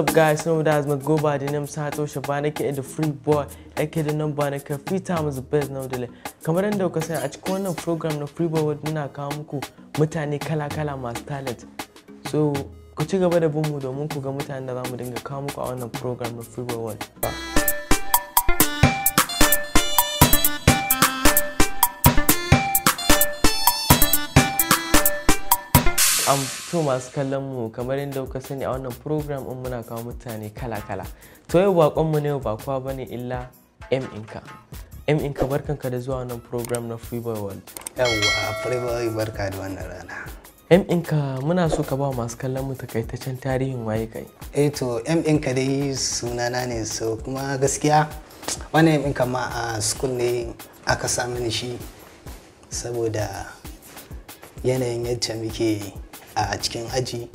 up guys, you know that's my go by the name Sato Shabana ke the free boy ake da nan ba na ka free time best now dole kamar yadda kuka sani a cikin wannan program na free boy muna kawo muku mutane kala kala masu talent so ku ci gaba da bin mu domin ku ga mutanen da za mu dinga kawo muku a wannan program na free boy world an to masu kallon mu kamar yadda kuka sani a wannan program in muna kawo mutane kala-kala to yau mu ne ba kowa bane illa m inka m inka barkanka da zuwa wannan program na boy world free boy barka da wannan rana m inka muna so ka ba masu kallon mu takaitaccen tarihin waye kai eh to m inka dai sunana ne so kuma gaskiya wannan m inka ma a school ne aka ni shi saboda yanayin yadda muke a cikin aji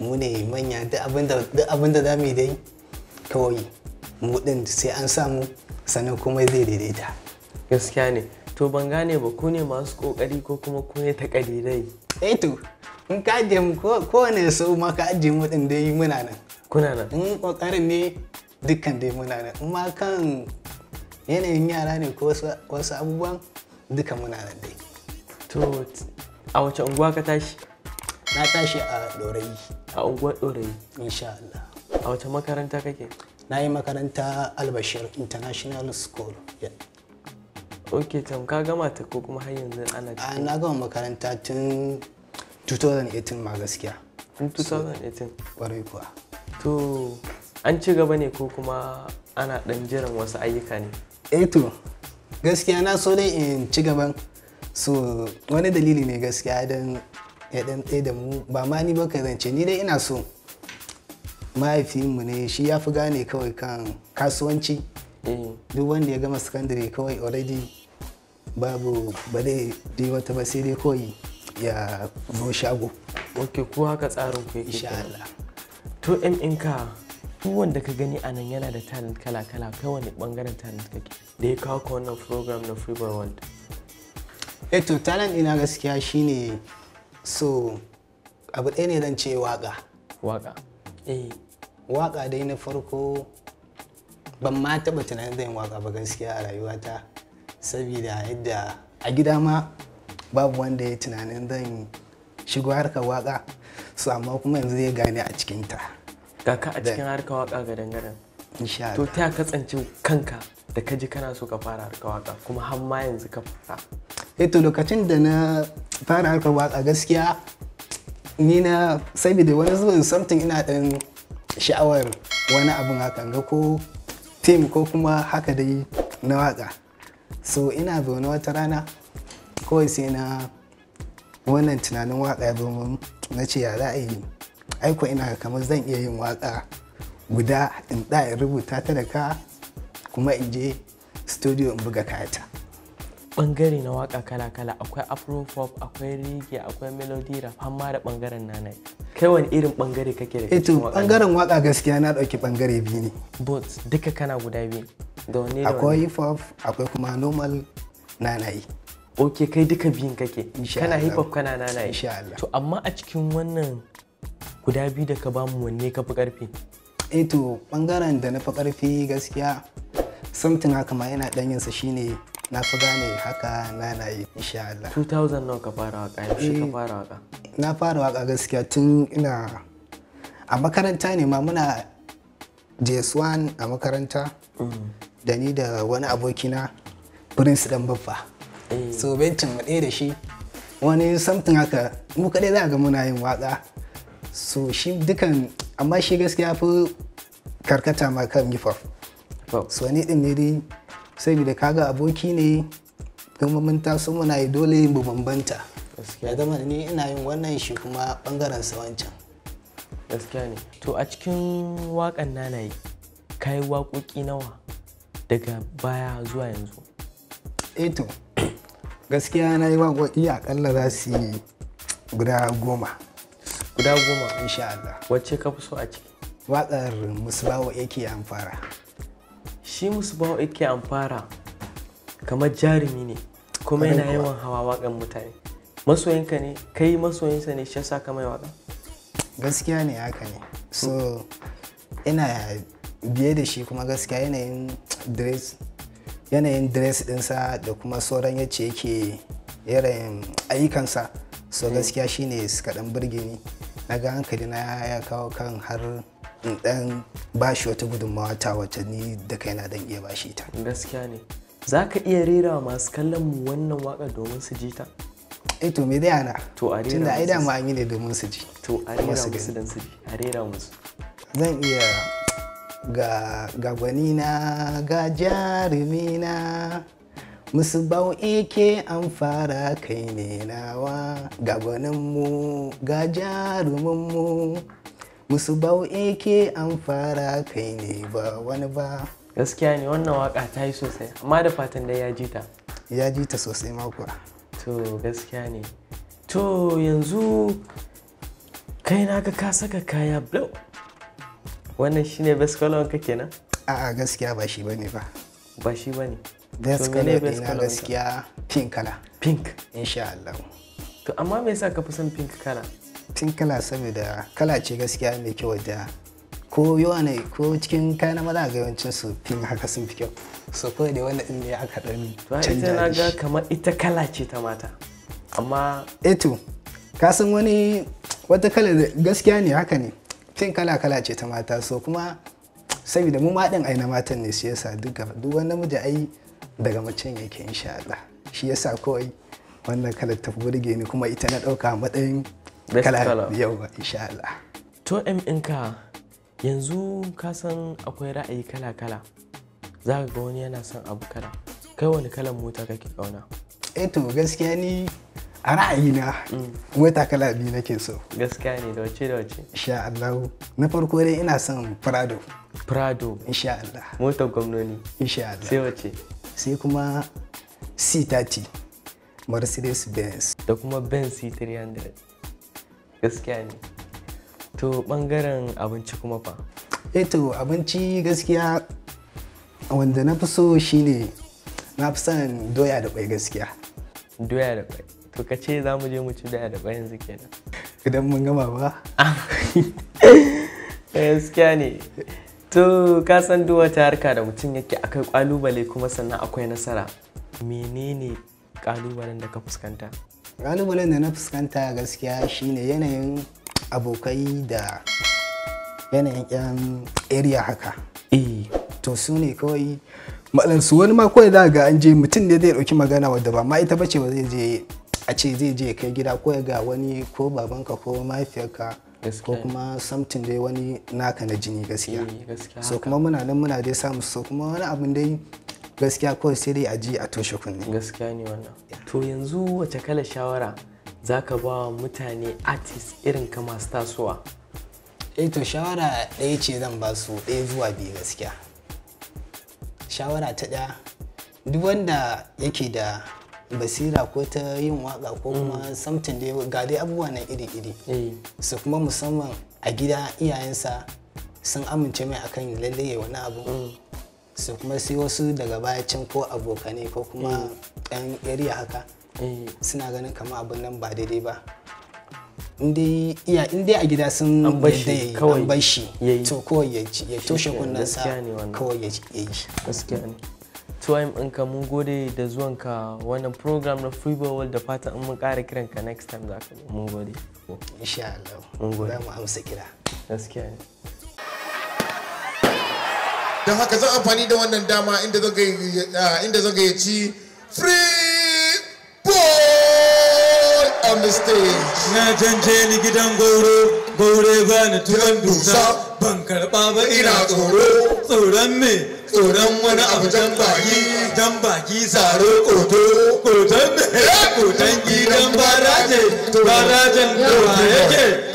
mu ne manya duk abinda za mu dai kawai mu din sai an samu sannan kuma zai daidaita gaskiya ne to ban gane ba ku ne masu kokari ko kuma ku ne takalirai eh to in ka ajiye mu kowane sau ma ka ajiye mu din dai muna nan kuna nan in kokarin ne dukkan dai muna nan in ma kan yanayin yara ne ko wasu abubuwan duka muna nan dai to a wace unguwa ka tashi na tashi a ɗorayi a unguwar ɗorayi insha Allah a wace makaranta kake na yi makaranta albashir international school ok tam ka gama ta ko kuma har yanzu ana ah, cikin na gama makaranta tun 2018 ma gaskiya tun 2018 ƙwarai kuwa to an ci gaba ne ko kuma ana ɗan jiran wasu ayyuka ne eh to gaskiya na so dai in ci gaban so wani dalili ne gaskiya don ya dan tsaye da mu ba ma ni ba ka zance ni dai ina so mahaifinmu ne shi ya fi gane kawai kan kasuwanci eh. duk wanda ya gama sakandare kawai already babu ba dai dai wata ba sai dai kawai ya zo shago ok ko haka tsarin ku yake Allah to in in ka duk wanda ka gani a nan yana da talent kala kala kai wani bangaren talent kake da ya kawo ka wannan program na Freeborn World eh to talent ina gaskiya shine so abu ɗaya ne zan ce waka waka eh waƙa dai na farko ban ma taɓa tunanin zan waka ba gaskiya a rayuwata saboda yadda a gida ma babu wanda ya tunanin zan shigo harkar waka su amma kuma yanzu zai gane a cikin ga ka a cikin harkar waka ga dangaren to ta kasance kanka da ka ji kana so ka fara harkar waka kuma har ma yanzu ka fara Eh, to lokacin da na fara harkar waka gaskiya ni na saboda wani zuwan something ina ɗan sha'awar wani abin hakan ga ko fim ko kuma haka dai na waka so ina zaune wata rana kawai sai na wannan tunanin waka ya zama na ce ya za a yi aiko ina kamar zan iya yin waka guda in da rubuta ta da ka kuma in je studio in buga kayata bangare na waka kala-kala akwai afro pop akwai reggae akwai melody rap har ma da bangaren nana kai wani irin bangare kake da eto eh bangaren waka gaskiya na dauki bangare biyu ne but duka kana guda biyu da wani akwai hip hop akwai kuma normal yi okay kai duka biyun kake kana hip hop kana nanayi insha Allah to amma a cikin wannan guda biyu da ka bamu wanne ka fi karfi eto eh bangaren da na fi karfi gaskiya something haka ma yana danyensa shine na fi gane haka na na yi insha Allah 2000 nawa ka fara waka yaushe ka eh, fara waka na fara waka gaskiya tun ina a makaranta ne ma muna JS1 a makaranta mm. da ni da wani abokina Prince dan babba eh. so bencin mu ɗaya da shi wani something haka mu kaɗai za ga muna yin waka so shi dukan amma shi gaskiya fi karkata ma kan hip hop so ni din ne dai saboda kaga aboki ne kuma mun taso muna yi dole mu bambanta Gaskiya zama ni ina yin wannan shi kuma bangaren sa wancan gaskiya ne to a cikin wakan nanaye kai waƙoƙi nawa daga baya zuwa yanzu eto eh gaskiya na yi waƙoƙi akalla za su yi guda goma guda goma insha Allah wacce ka fi so a ciki waƙar musulawa yake amfara shi musbahu yake amfara kamar jarumi ne kuma yana yawan hawa wakan mutane masoyinka ne kai masoyinsa ne shi yasa ka mai waka gaskiya ne haka ne so ina biye da shi kuma gaskiya yanayin dress yanayin dress dinsa da kuma sauran yace yake yanayin ayyukansa so hmm. gaskiya shine ne dan burge ni na ga hankali na ya kawo kan har in ba bashi wata gudunmawa ta wacce ni da kai na dan iya bashi ta gaskiya ne za ka iya rera wa masu kallon mu wannan waka domin su ji ta eh to me dai ana to a rera tunda ai dama an yi ne domin su ji to a rera musu dan su ji a rera musu zan iya ga gagwani na ga jarumi na musu bau eke an fara kai ne nawa ga gwaninmu ga jaruminmu musu ba'u ke an fara kai ne ba wani ba gaskiya ne wannan waka ta yi sosai amma da fatan da ya ji ta ya ji ta sosai mako to gaskiya ne to yanzu kai na ga ka saka kaya blau wannan shine best color ka kenan a'a gaskiya ba shi bane ba ba shi bane best color ɗina gaskiya pink kala pink insha Allah to amma me yasa ka fi son pink kala tun kala saboda kala ce gaskiya mai kyau da ko yawa ne ko cikin kayan maza ga yawancin su fin haka sun fi kyau so kawai da wannan ne aka dan canja na ga kamar ita kala ce ta mata amma eto eh ka san wani wata kala gaskiya ne haka ne fin kala kala ce ta mata so kuma saboda mu ma din ai na matan ne shi yasa duk duk wani namiji ai daga macen yake insha Allah shi yasa kawai wannan kalar ta burge ni kuma ita na dauka matsayin kala yauwa insha Allah to em ɗinka yanzu ka san akwai ra'ayi kala kala za ka ga wani yana son abu kala kai wani kalan mota kake kauna eh to gaskiya ni a ra'ayina mm. mota kala biyu nake so gaskiya ne da wace da wace insha Allah na farko dai ina son Prado Prado insha Allah motar gwamnoni insha Allah sai wace sai kuma C30 Mercedes Benz da kuma Benz C300 gaskiya ne to bangaren abinci kuma fa eh to abinci gaskiya wanda na fi so shine na fi son doya da kwai gaskiya doya da kwai to ka ce za mu je mu ci doya da kwai yanzu kenan idan mun gama ba gaskiya ne to ka san duk wata harka da mutum yake akwai kwalubale kuma sannan akwai nasara menene kalubalen da ka fuskanta ƙalubalen da na fuskanta gaskiya shine yanayin abokai da yanayin yan area haka eh to su ne kawai malansu wani ma kawai za ga an je mutum ne zai ɗauki magana wadda ba ma ita ba ce ba zai je a ce zai je kai gida ko ga wani ko babanka ko mahaifiyarka ko kuma samtin dai wani naka na jini gaskiya eh, so kuma muna nan muna dai samu so kuma wani abin dai gaskiya kawai sai dai a ji a toshe kunne gaskiya ne wannan to yanzu wace kala shawara zaka ba wa mutane artist irin ka masu tasowa eh to shawara ɗaya ce zan ba su ɗaya zuwa biyu gaskiya shawara ta ɗaya duk wanda yake da basira ko ta yin waka ko kuma mm. samtin da ga dai abubuwa na iri-iri eh. su kuma musamman a gida iyayensa sun amince mai akan lallai wani abu mm. su kuma sai wasu daga baya can ko abokanai ko kuma mm. ɗan area haka mm. suna ganin kamar abin nan ba daidai ba in dai a gida sun yadda ya yi an bar shi to kawai ya ci toshe kunnansa kawai ya ci yi gaskiya ne tuwaim ɗinka mun gode da zuwan ka wannan program na freeboy world da fata in mun ƙara kiran ka next time za ka mun gode insha Allah mun gode mu amsa kira gaskiya ne don haka zan amfani da wannan dama inda zan ci free ball on the stage na canje ni gidan goro, goro ba ni tuwon dusa ban karba ba ina tsoro tsoron me tsoron wani abu jan baki jan baki saro koto koton me koton gidan baraje barajen da yake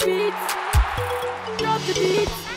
the beats. Drop the beats.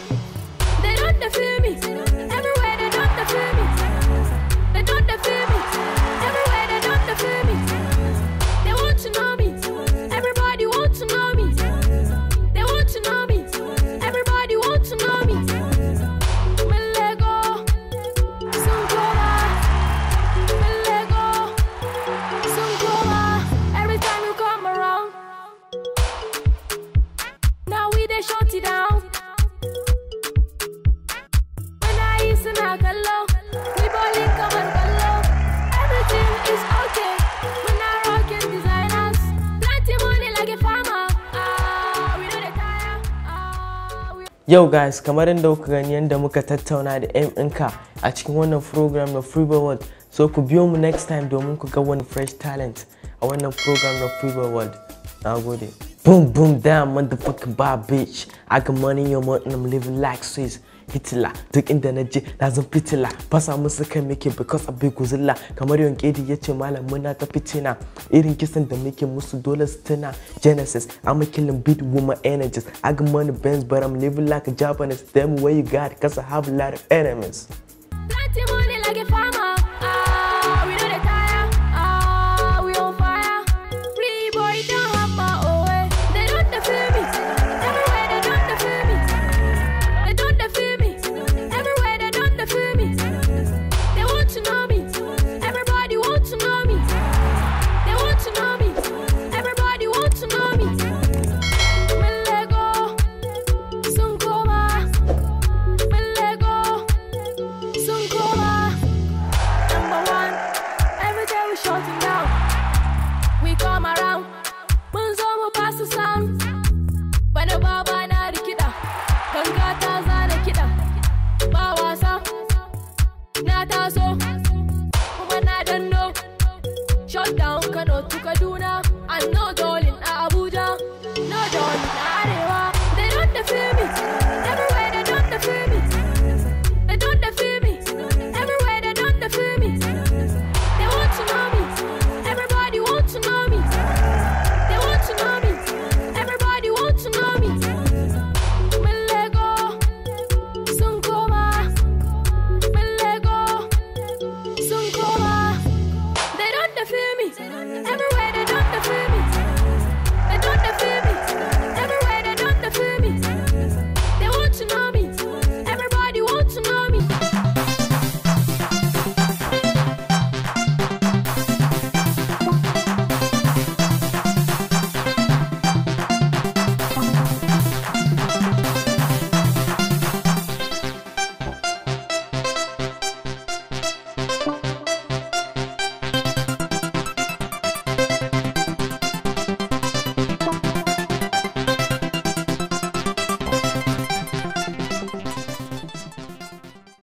Yau guys kamar yadda kuka gani yadda muka tattauna da 'yan ɗinka a cikin wannan program na Freebird World. So ku biyo mu next time domin ku ga wani fresh talent a wannan program na Freebird World. Na Boom boom down motherfucking bad bitch. I got money in your mouth and I'm living like Swiss. fitila duk inda na je na zan fitila fasa musu kai muke because a big guzilla kamar yankedi ya ce malam na ta fitina irin kisan da muke musu dole su tuna genesis i'm a killing big woman energies i got money bands but i'm living like a japanese them where you got cause have a lot of enemies money like a